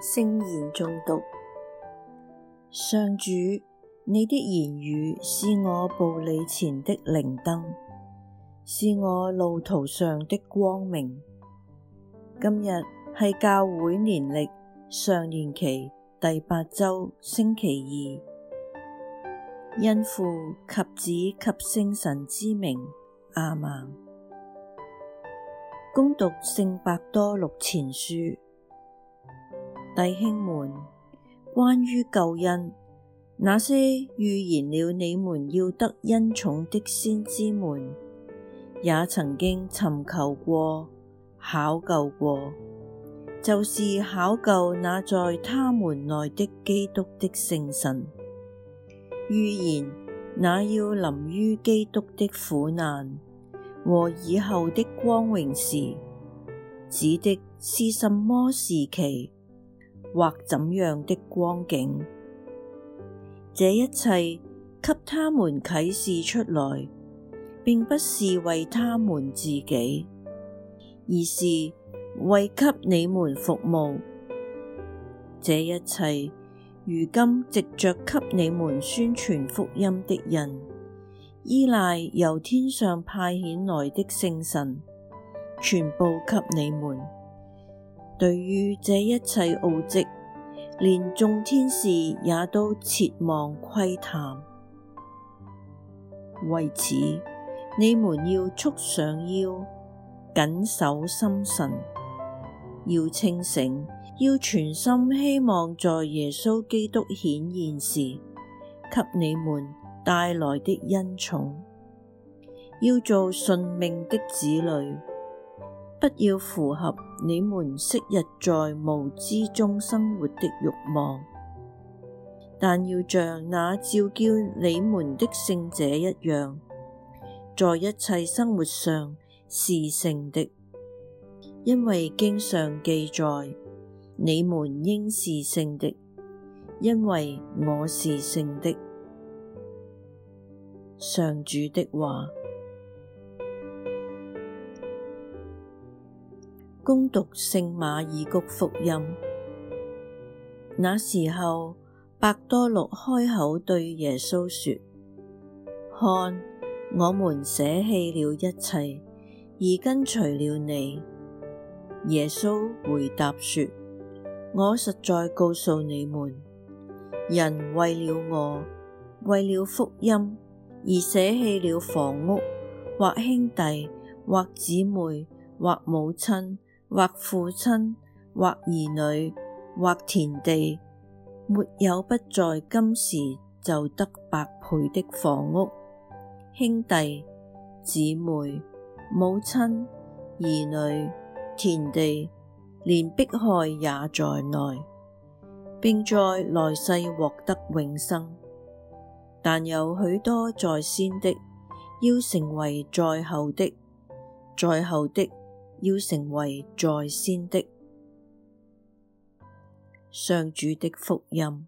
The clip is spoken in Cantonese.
聖言誦讀，上主，你的言語是我步履前的靈燈，是我路途上的光明。今日係教會年曆常年期，第八週星期二，因父及子及聖神之名阿們。恭讀聖伯多禄前書，弟兄們，關於救恩，那些預言了你們要得恩寵的先知們，也曾經尋求過、考究過。就是考究那在他們內的基督的聖神，預言那要臨於基督的苦難和以後的光榮時，指的是什麼時期，或怎樣的光景。這一切給他們啟示出來，並不是為他們自己，而是。為給你們服務，這一切如今藉着給你們宣傳福音的人，依賴由天上派遣來的聖神，傳報給你們。對於這一切奧跡，連眾天使也都切望窺探。為此，你們要束上腰，謹守心神。要清醒，要全心希望在耶穌基督顯現時，給你們帶來的恩寵。要做順命的子女，不要符合你們昔日在無知中生活的欲望，但要像那召叫你們的聖者一樣，在一切生活上是聖的。因為經上記載，你們應是聖的，因為我是聖的。上主的話。恭讀聖馬爾谷福音。那時候，伯多祿開口對耶穌說：看，我們捨棄了一切，而跟隨了你。耶穌回答說：我實在告訴你們，人為了我，為了福音，而捨棄了房屋或兄弟或姊妹或母親或父親或兒女或田地，沒有不在今時就得百倍的房屋、兄弟、姊妹、母親、兒女、田地連迫害也在內，並在來世獲得永生。但有許多在先的，要成為在後的；在後的，要成為在先的。上主的福音。